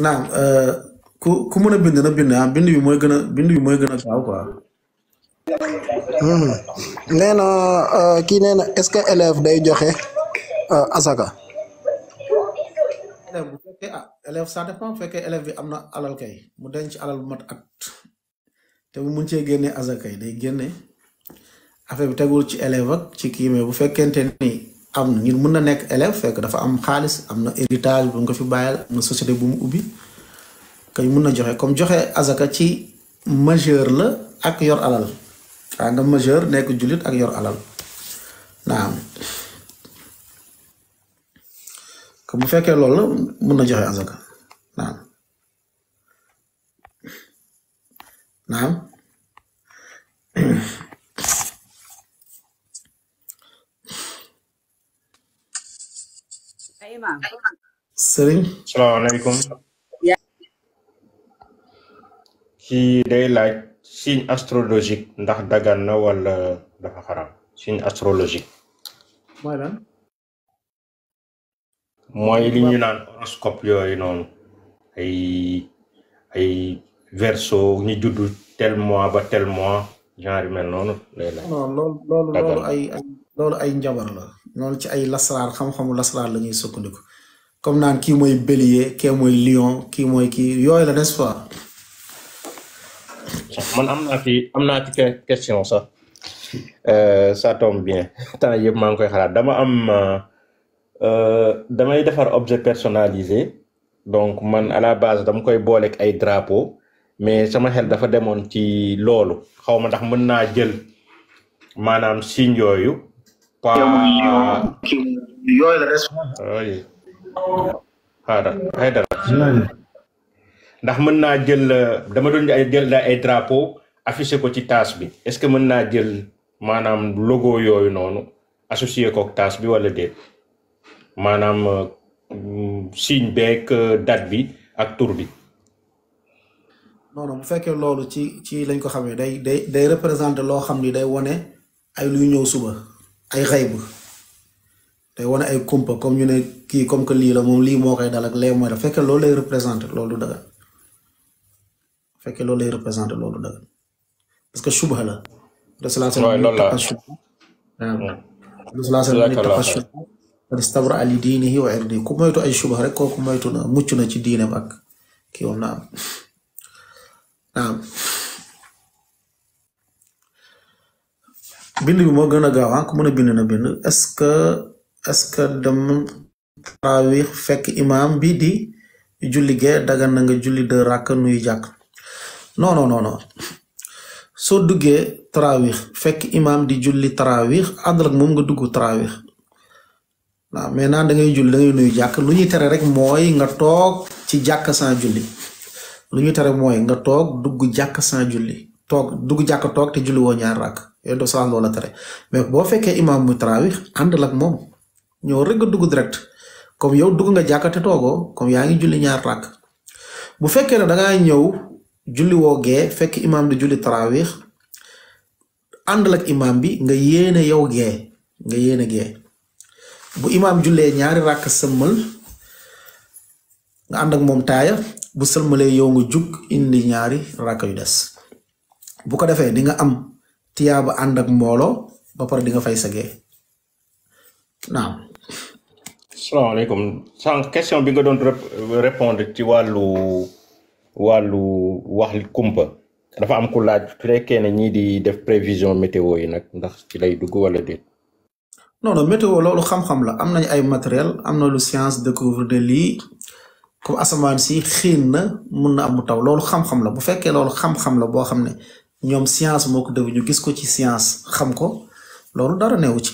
naam euh, ku ku mën a bind na bind ah bind bi mooy gën a bind bi mooy gën a gaaw quoi. Hmm. nee na euh, kii nee na ce que élève day joxe euh, asaka. élève bu fekkee ah élève ça dépend bu fekkee bi am na alal kay mu denc alal bu mat at te bu mun cee génnee yi day génne affaire bi tegul ci élève ak ci kii bu fekkente ni. am na ñun mën na nekk élève fekk dafa am xaalis am na héritage bu nga ko fi bàyyal am na société bu mu ubbi kay mën na joxe comme joxe azaka ci majeur la ak yor alal waa nga majeur nekk jullit ak yor alal naam ko bu fekkee loolu la mën na joxe azaka naam naam imaam sëriñ salaamaaleykum day laaj signe astrologique ndax dagan na wala dafa xaram signe astrologique mooy lan mooy li ñu naan horoscope yooyu noonu ay ay verso ñu judd tel mois ba tel mois genre mel noonu lay laaj non loolu ay njabar la loolu ci ay lasaraar xam-xamu lasaraar la ñuy sukkandiku comme naan kii mooy bélier kii mooy lion kii mooy kii yooyu la n'est-ce pas. man am naa fi am naa ci question sax euh, ça tombe bien temps yëpp maa ngi koy xalaat dama am euh, euh, damay defar objet personnalisé donc man à la base dama koy booleeg ay drapeau mais sama xel dafa demoon ci loolu xaw ma ndax mën naa jël maanaam signe yooyu. pa yooyu Aidara ndax mën naa jël euh, dama doon jël da ay drapeau affiché ko ci taas bi est-ce que mën naa jël maanaam logo yooyu noonu associé ko ak taas bi wala déet maanaam euh, signe beek euh, dat bi ak tour bi noonu bu fekkee loolu ci ci lañ ko xamee day day day représenté loo xam ni day wone ay luy ñëw suba ay xayb day wane ay kumpa comme ñu ne kii comme que lii la moom lii moo koy dal ak lee mooy da fekkee loolu lay représenté loolu dagan fekkee loolu lay représenté loolu dagan parce que subha la waaw loolu la hmm. rasulaasalaam ali diinihi wa irdi ku moytu ay subha rek kooku moytu na mucc na ci diineem ak kii woon naam naam bind bi moo gën a gaaw ah mën a bind na bind est-ce que est-ce que dem tarawih fekk imaam bi di julli gee dagan na nga julli de rakk nuyu jàkk non non non non soo duggee tarawih fekk imaam di julli tarawih ànd ak moom nga dugg tarawih waaw juli da ngay julli da ngay nuyu jàkk lu ñuy tere rek mooy nga toog ci jàkk sans julli lu ñuy tere mooy nga toog dugg jàkk sans julli toog dugg jàkk toog te julli woo ñaar rakk yooyu doo salaam loola tere mais boo fekkee imaam mu tarawih àndal ak moom ñoo rek a dugg direct comme yow dugg nga jàkkate toogoo comme yaa ngi julli ñaar ràkk bu fekkee ne dangaa ñëw julli woo fekk imaam di julli tarawih àndal ak imaam bi nga yéene yow gee nga yéene gee bu imaam jullee ñaari ràkk sëlmal nga ànd moom taaya bu sëlmalee yow nga jug indi ñaari ràkk yu des bu defee di nga am tiyaaba and ak mbolo ba par di nga fay sagee naam alaykum sans question bi nga don répondre ci walu walu wax kumpa dafa am ku laaj su fekkee ne di def prévision météo yi nak ndax ci lay dugg wala dé non non météo lolu xam-xam la am nañ ay matériel am na lu science découvre de li comme asaman si xiin na mun na taw lolu xam-xam la bu fekkee lolu xam-xam la bo xamné ñoom science moo ko ñu gis ko ci science xam ko loolu dara newu ci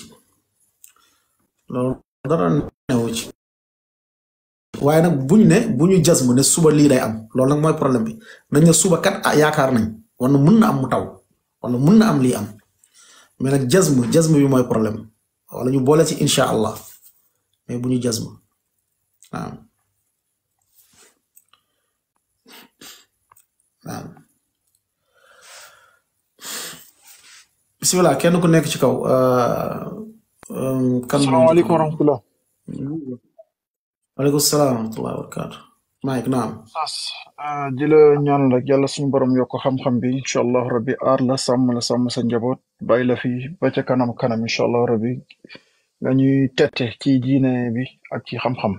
loolu dara newu waaye nag buñ ne bu ñu jas mu ne suba lii day am loolu nag mooy problème bi nañ suba kat ah yaakaar nañ wala mun na am mu taw wala mun na am lii am mais nag jas mu jas mooy problème wala ñu boole ci incha allah mais bu ñu jas mu waaw bisimilah kenn ku nekk ci kaw. Uh, um, kan asalaamaaleykum wa rahmatulah. waaleykum salaam wa rahmatulah wa barakaatu. Mike naam. Sass uh, suñu borom yokk xam-xam bi incha allah rabi aar sa njaboot bàyyi fi ba kanam kanam incha allah rabi nga ci diine bi ak ci xam-xam.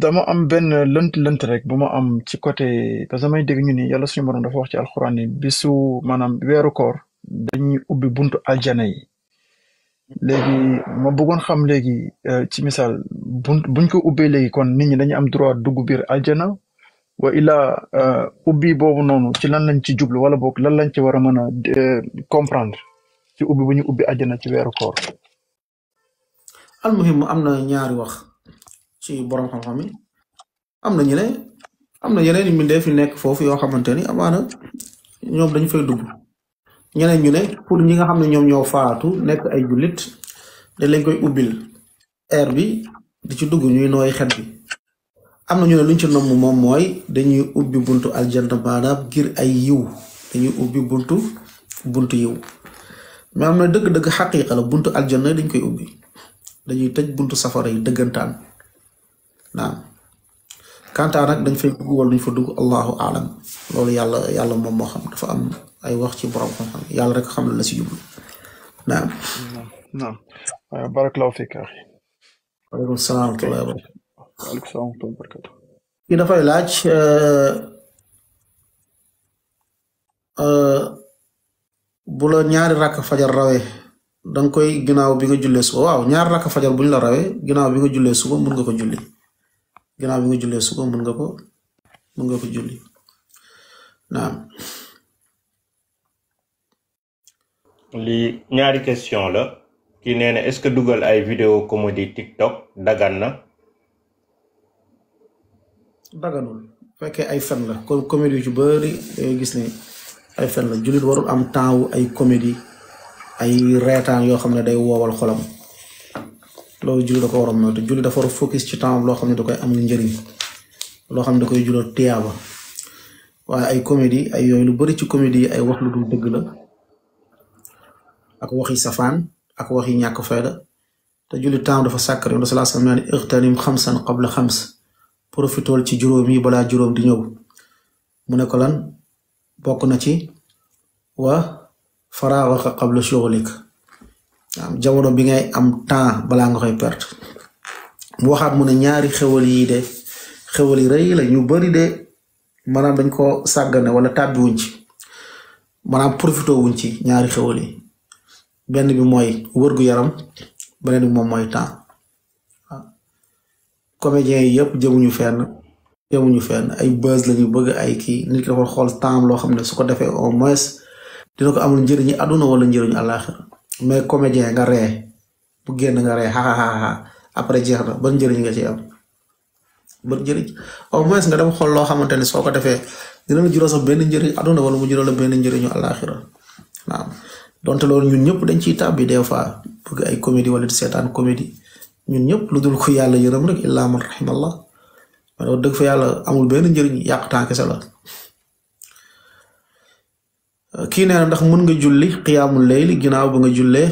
dama am benn lënt-lënt rek bu ma am ci côté parce que damay dégg ñu ni yàlla suñu borom dafa wax ci alxuraan ni bisu maanaam weeru koor dañuy ubbi buntu aljana yi léegi ma bëggoon xam léegi e, ci misaal bunt buñ ko ubbee léegi kon nit ñi dañuy am droit dugg biir aljana wa ilaa e, ubbi boobu noonu ci lan lañ ci jublu wala boog lan lañ ci war a mën a e, comprendre ci ubbi bu ubbi aljana ci weeru koor. almuhim am na ñaari wax. ci borom xam-xam yi am na ñu ne am na yeneen i mbindeef yu nekk foofu yoo xamante ni amaana ñoom dañu fay dugg ñeneen ñu ne pour ñi nga xam ne ñoom ñoo faatu nekk ay jullit dañ lañ koy ubbil air bi di ci dugg ñuy nooy xet bi am na ñu ne luñ ci nomm moom mooy dañuy ubbi buntu aljanna maanaam ngir ay yiw dañuy ubbi buntu buntu yiw mais am na dëgg-dëgg xaqiiqa la buntu aljanna dañ koy ubbi dañuy tëj buntu safara yi dëggantaan naam kanta nak dañ fay dugg wala duñ fa dugg allahu alam loolu yàlla yàlla moom moo xam dafa am ay wax ci borom xam-xam yàlla rek xam la si jublu naam naam barakallahu fik akhi waaleykum salaam wa rahmatullahi wa barakatuh wa rahmatullahi wa barakatuh ki dafay laaj eh, eh, bu la ñaari rakk fajar rawe dang koy ginaaw bi nga julle suba waaw ñaari rakk fajar buñ la rawe ginaaw bi nga julle suba mun nga ko julli ginnaaw bi nga julle suba mën nga ko mën nga ko julli naam li ñaari question la ki neena est-ce que dugal ay vidéo comédie TikTok dagan na daganul fekkee ay fen la comme comédie yu ci bëri dangay eh, gis ne ay fen la jullit warul am temps ay comédie ay reetaan yoo xam ne day woowal xolam loolu julli da ko war a moytu julli dafa war a focus ci temps loo xam ne da koy am njëriñ loo xam ne da koy jural tiyaaba waaye ay comédie ay yooyu lu bari ci comédie ay wax lu dul dëgg la ak waxi safaan ak waxi ñàkk fayda te julli temps dafa sàkkar yoon salaa sallam naan ixtanim xamsan qabla xams profitool ci juróom yi balaa juróom di ñëw mu ne ko lan bokk na ci wa faraaxaka qabla shughlik jamono bi ngay am temps balaa nga koy perte mu waxaat mu ne ñaari xewal yi de xewal yi rëy la ñu bari de maanaam dañ ko sàggane wala tàbbi wuñ ci maanaam profité wuñ ci ñaari xewal yi benn bi mooy wërgu yaram beneen bi moom mooy temps comédiens yi yëpp jëmuñu fenn jëmuñu fenn ay buzz lañu bëgg ay kii nit ki dafa xool temps loo xam ne su ko defee au moins dina ko amul njëriñu àdduna wala njëriñu àllaaxira mais comédien nga ree bu génn nga ree xaaxaaxa après jeex na ba njëriñ nga ci am ban njëriñ au moins nga dem xool loo xamante ne soo ko defee dina la jural sax benn njëriñ aduna wala mu jural la njëriñu àllaaxira waaw loolu ñëpp dañ ciy tàbbi des fois bëgg ay comédie wala di seetaan comédie ñun ñëpp lu dul ko yàlla yërëm rek illaa man rahimallah man dëgg fa yàlla amul benn njëriñ yàq temps kese la. ki neena ndax mën nga julli qiyamul layl ginaaw ba nga jullee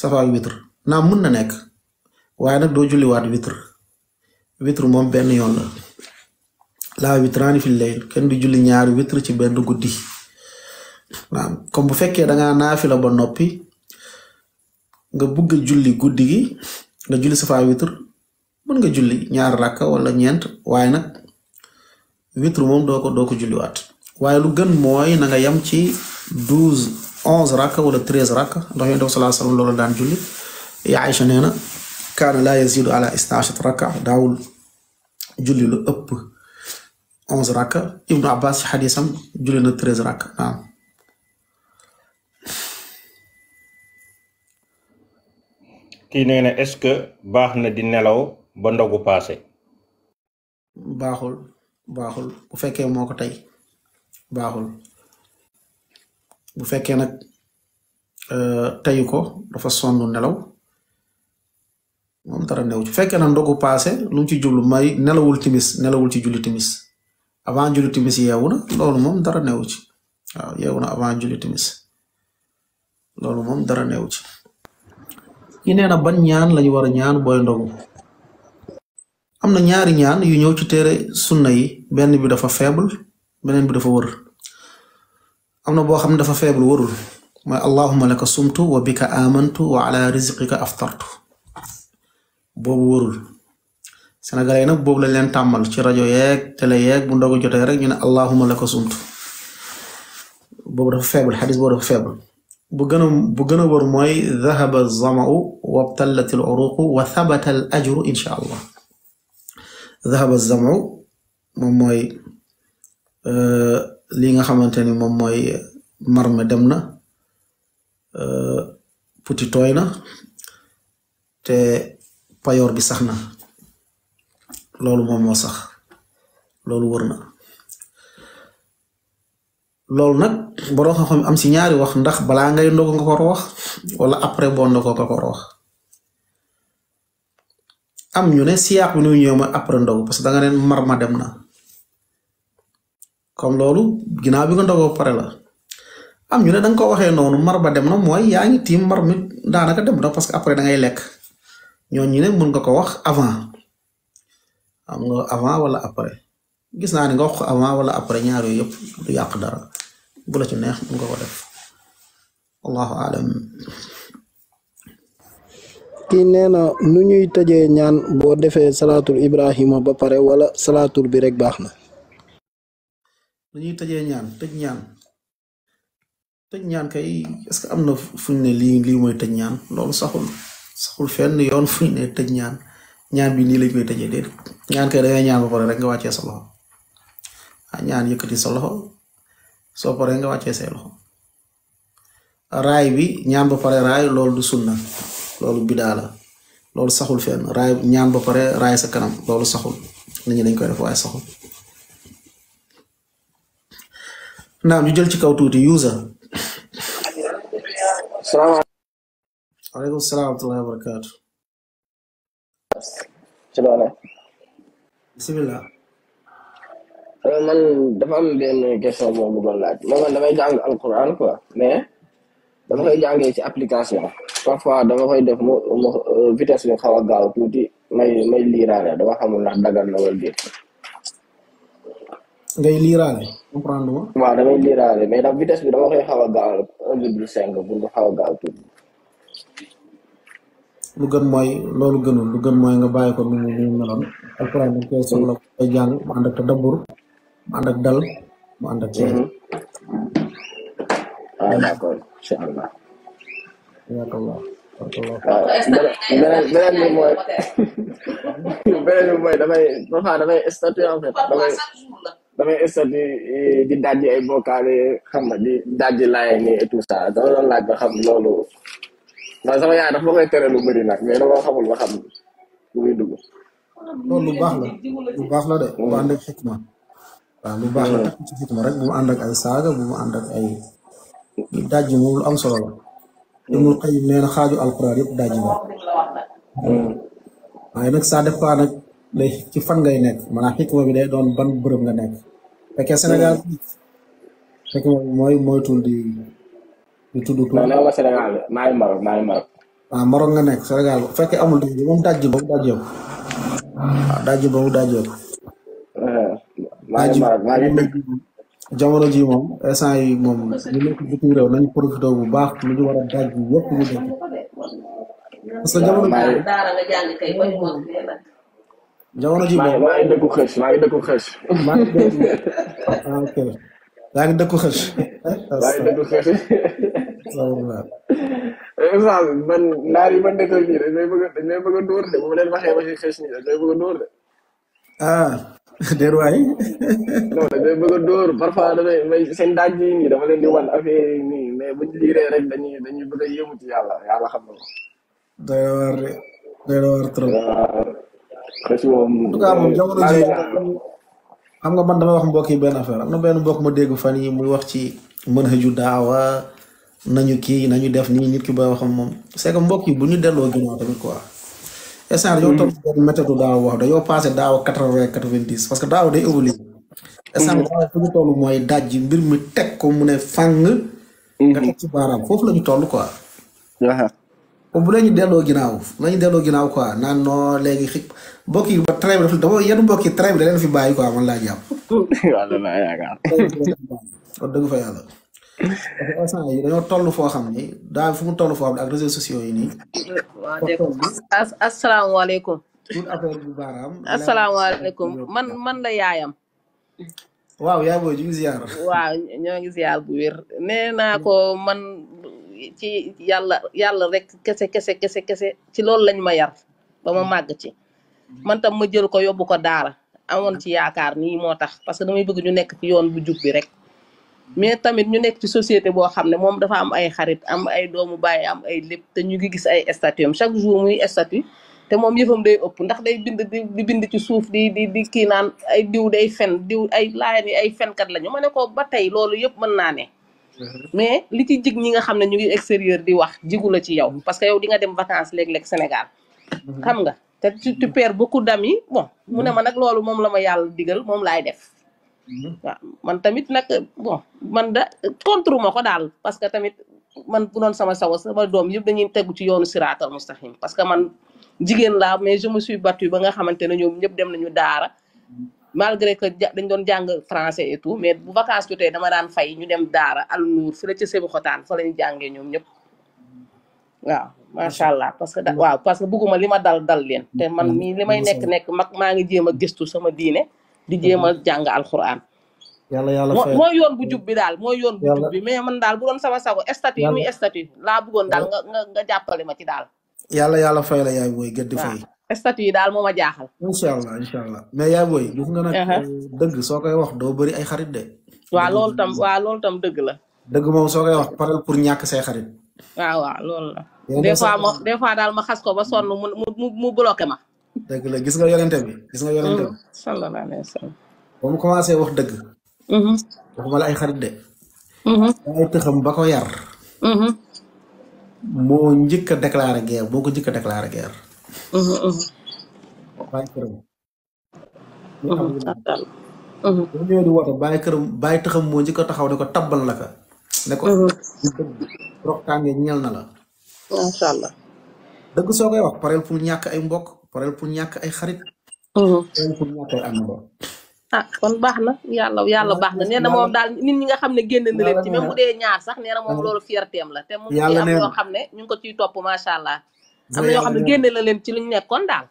safaak witr na mën na waye nak do julli wat witr witr mom ben yoon la la witran fi layl ken du julli ñaar witr ci ben guddi na comme bu da nga nafila ba nopi nga bëgg julli guddi gi nga julli safa witr mën nga julli ñaar rakka wala ñent waye nak witr mom ko ko waaye lu gën mooy na nga yem ci douze onze rakka wala treize rakka ndax yonent bi salaa sallam loolu daan julli Aïcha nee na kaana laa yaziidu ala isna achara rakka daawul julli lu ëpp onze rakka Ibnu Abbas ci xadisam julli na treize rakka kii nee na est-ce que baax na di nelaw ba ndogu paase baaxul baaxul bu fekkee moo ko tey baaxul bu fekkee nag euh, teyu ko dafa sonn nelaw moom dara new ci fekkee na ndogu paase lu ci jublu may nelawul timis nelawul ci julli timis avant julli timis yeewu na loolu moom dara new ci waaw yeewu na avant julli timis loolu moom dara new ci ñi nee na ban ñaan lañu war a ñaan booy ndogu am na ñaari ñaan yu ñëw ci téere sunna yi benn bi dafa faible beneen bi dafa wër am na boo xam ne dafa faible wërul mooy allahuma laka sumtu wa bika amantu wa ala rizqika aftartu boobu wërul sénégalais yi nag boobu lañ leen tàmmal ci rajo yeeg télé yeeg bu ndogu jotee rek ñu ne allahuma laka sumtu boobu dafa faible xadis boobu dafa faible bu gën a bu gën a wër mooy dhahaba zamau wa al uruqu wa thabata alajru insha allah dhahaba zamau moom mooy Eh, li nga xamanteni mom moy marme dem euh puti toy na te payor bi saxna lolou lolu mom mo sax lolu wërna lolu nak borom xam am ci ñaari wax ndax bala ngay ndog nga ko wax wala après bon nga ko wax am ñu ne siyaq ñu ñëw ma après ndog parce que da nga marma dem comme loolu ginnaaw bi nga ndogoo pare la am ñu ne danga ko waxee noonu mar ba dem na mooy yaa ngi tiim mar mi daanaka dem na parce que après da lekk ñoo ñu ne nga ko wax avant am avant wala après gis naa ni nga wax ko avant wala après ñaar yooyu yëpp du yàq dara bu la ci neex mën nga ko def allahu alam kii nee na nu ñuy tëjee ñaan boo defee salaatul ibrahima ba pare wala salaatul bi rek baax na dañuy tëjee ñaan tëj ñaan tëj ñaan kay est-ce que am na fuñ ne lii li moy tëj ñaan loolu saxul saxul fenn yoon fuñ ne tëj ñaan ñaan bi ni lañ koy tëjee déedéet ñaan kay dangay ñaan ko rek nga wàccee sa loxo a ah, ñaan yëkëti sa loxo ko rek nga wàccee sa loxo raay bi ñaan ba pare raay loolu du sunna loolu bidaa la loolu saxul fenn raay ñaan ba pare raay sa kanam loolu saxul nit ñi dañ koy def waaye saxul. naam ñu jël ci kaw tuuti user. salaamaaleykum. waaleykum salaam wa wa barakaatu. ci loolu. bisimilah. Euh, man dafa am benn question boo bëggoon laaj damay jàng alquran quoi mais dama koy jàngee ci application parfois dama koy def mu euh, vitesse bi xaw a gaaw tuuti may may liiraale dama xamul ndax dagal na wala déet. ngay liiraale mais nag vitesse bi dama koy a gaaw un virgule gën mooy loolu gënul lu gën mooy nga bàyyi ko nu nu meloon alxuraan dañ koy soxla koy jàng mu ànd ak tadabbur mu dal mu ànd ak. Mhm. Ah, ah, waaw d'accord incha allah. waaw beneen beneen bi damay essa di di dajje ay bokale xam na di dajje lay ni et tout ça da la laaj ba xam lolu ma nah, sama yaay dafa koy tere lu bari nak mais da nga xamul ba xam lu muy dugg lolu lu baax la lu bax la de bu ànd ak xikma waaw lu bax la takk ci xikma rek bu mu ak ay saga bu mu ak ay dajji moom lu am solo la ibnul qayim nee na xaaju alquran dajje ba ay nak sa def pa nak day ci fan ngay nek man hikma bi day doon ban beureum nga nek fekkee Sénégal mm. fekk mooy mooy tuul di di du non non ma Sénégal maa ngi Maroc maa ah, nga nekk Sénégal bu fekkee amul dugub ji moom daj ji boobu daj yëpp waaw ji boobu daj yëpp. maa ngi Maroc ji moom instant yi moom ñu nekk bitim réew nañu profité bu baax lu ñu daj yëpp ñu def jamono ji moom maa ngi dëkku xës maa ngi dëkku xës. maa ngi dëkku ah, ok maa ngi dëkku xës. maa ngi dëkku xës. waaw. Eh, man naar yi man dëkkal nii dañ a dañ a dóor de bu ma leen waxee ba si a dóor ah déet waay. non dañ may bëgg parfois damay may seen daaj yi wan affaire yi nii mais buñ liiree rek dañuy dañuy bëgg yàlla xam na ko. trop. xëy moom jamono ji xam nga man damay wax mbokk yi benn affaire am na benn mbokk ma dégg fan yi muy wax ci manhaju daawa nañu kii nañu def nii nit ki ba waxam moom c'est que mbokk yi bu ñu delloo ginnaaw tamit quoi. instant yow toog benn méthode daaw wax dañoo passé daaw quatre-vingt quatre-vingt-dix parce que daaw day évolué. instant daaw fu ñu toll mooy daj mbir mi teg ko mu ne fàng. Mhm. nga teg ci baaraam foofu la ñu toll quoi. bu la ñu delloo ginnaaw la ñu delloo ginnaaw quoi naan non léegi xëy mbokk yi ba train bi dafa yenn mbokk yi train da leen fi bàyyi quoi man yi dañoo toll foo xam ni daal la yaayam. waaw yaay booy ñu waaw ñoo ngi ziar bu wér nee naa ko man. ci yàlla yàlla rek kese kese kese kese ci loolu lañ ma yar ba ma mm. màgg ci man tam ma jël ko yóbbu ko daara amoon ci yaakaar nii moo tax parce que damay bëgg ñu nekk ci yoon bu jub bi rek mais tamit ñu nekk ci société boo xam ne moom dafa am ay xarit am ay doomu baay am ay lépp te ñu ngi gis ay statut chaque jour muy statut te moom yëfam day ëpp ndax day bind di bind ci suuf di di di kii naan ay diw day fen diw ay laayan yi ay fenkat lañu ma ne ko ba tey loolu yëpp mën naa ne Mhm. mais li ci jig ñi nga xamne ñu ngi extérieur di wax jigu la ci yow parce que yow di nga dem vacances léeg-léeg Sénégal mhm. xam nga té tu, tu perds beaucoup d'amis bon mu ne ma nag mom moom la ma yàlla digal moom def mhm. man tamit nak bon man da contre ma ko parce que tamit man bu non sama sawa sama dom yëpp dañuy tegu ci yoonu pas mustaqim parce que man jigen la mais je me suis battu ba nga xamante ñoom dem nañu daara malgré que dañ doon jàng français et tout mais bu vacances jotee dama daan fay ñu dem daara al nour fi la ci sebu xotaan fa lañ jàngee ñoom ñëpp waaw macha allah parce que waaw parce que bëgguma li ma dal dal leen te man mi li may nekk nekk mag maa ngi jéem a gëstu sama diine di jéem a jàng quran yalla yalla fay mooy yoon bu jub bi daal mooy yoon bu jub bi mais man dal bu doon sama sago statut yi muy statut laa bëggoon dal nga nga jàppale ma ci dal yalla yalla fay la yaay boy gëdd fay statut yi daal moma ma jaaxal. inshallah allah mais yaa boy gis nga nak deug soo koy wax do bëri ay xarit de. wa lol tam wa lol tam deug la. deug mom soo koy wax paral pour ñak say xarit. wa wa lol la. des fois ma des fois daal ma xass ko ba sonu mu mu bloquer ma. deug la gis nga yonente bi gis nga yonente mm, sallallahu alaihi wasallam bamu commencé wax deug hmm waxuma la ay xarit de. hmm ay taxam bako yar. hmm mo ñëk déclarer guerre boko ñëk déclarer guerre. Baik këram. bu ñëwee di woote bàyyi bàyyi taxam moo njëkk a taxaw ne ko tabbal la ka. ne ko. roxtaange ñeel na la. macha allah. dëgg soo koy wax pareel pour ñàkk ay mbokk pareel pour ñàkk ay xarit. pareel pour ñàkk ay ah kon baax na yàlla ya yàlla ya baax na nee na moom nah. daal nit ñi nga xam ne génn na nah, leen ci nah, même bu dee ñaar sax nee na moom loolu la te mu ngi am loo xam ne ñu ngi ko ciy topp macha allah. am na yoo xam ne génne na leen ci lu ñu nekkoon daal.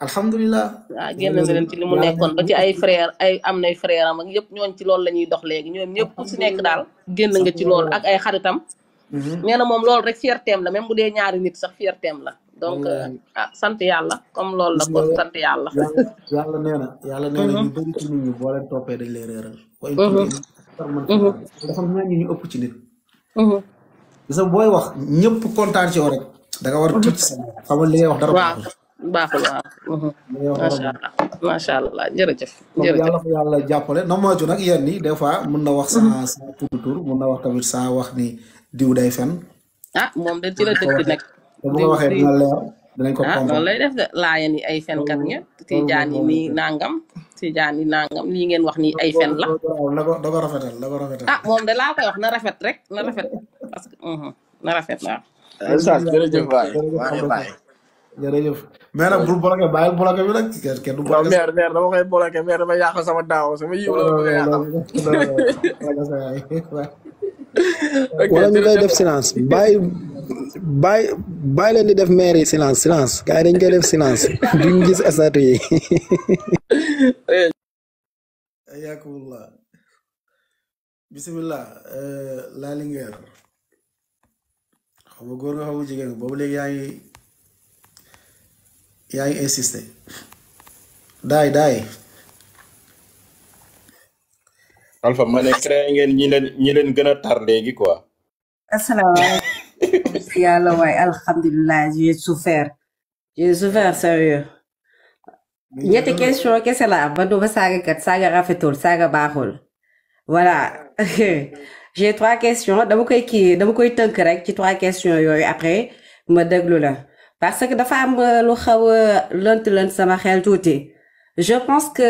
alhamdulilah. waaw génne na leen ci li mu nekkoon ba ci ay frère am nay frère am ak yëpp ñooñ ci loolu la ñuy dox léegi ñoom ñëpp ku si nekk daal génn nga ci loolu ak ay xaritam. Mm-hmm. nee na moom loolu rek fierteem la même bu dee ñaari nit sax fierteem la. donc ah sant yàlla comme loolu la kon sant yàlla. yàlla nee yàlla nee na mm-hmm. ñu bëri ci nit ñi boo leen mm-hmm. ci nit. parce que booy wax ñëpp kontaan ci yow rek. da nga war a tuuti seen xamal li ngay wax dara. waaw baaxul waaw. macha allah macha allah jërëjëf. jërëjëf yàlla fa yàlla jàppale na moytu nag yéen ñi des fois mun na wax sa sa tur mun na wax tamit sa wax ni diw day fen a ah, moom de ci la dëkk nag. diw bu ko waxee dina ko. ah loolu lay def de laayeen yi ay fenkat ngeen. tijaan yi nii nangam. tijaan yi nangam lii ngeen wax ni ay fen la. da ko da ko rafetal da ko rafetal. ah moom de laa koy wax na rafet rek na rafet parce que na rafet waaw. Oustaz jërëjëf waay waay jërëjëf. mais nag bi nag kenn du bloqué. mère dama koy bloqué mère dama yàq sama daaw sama yiw la ma koy yàqal. wala ñu lay def silence bàyyi bàyyi bàyyi leen di def maire yi silence silence gars koy def silence duñ gis asatu yi. ayakumullah bisimilah euh, laa lingeer xam nga góor nga jigéen boobu léegi yaa ngi yaa daay daay alpha ma ne ngeen ñi leen gën a tar léegi quoi asalaamaaleykum yàlla waay alhamdulilah j'ai souffert j'ai souffert sérieux ñetti question kese la am ba du ba kat saaga rafetul saaga baaxul voilà j'ai trois questions dama koy ki dama trois questions après ma la parce que dafa am euh, lu je pense que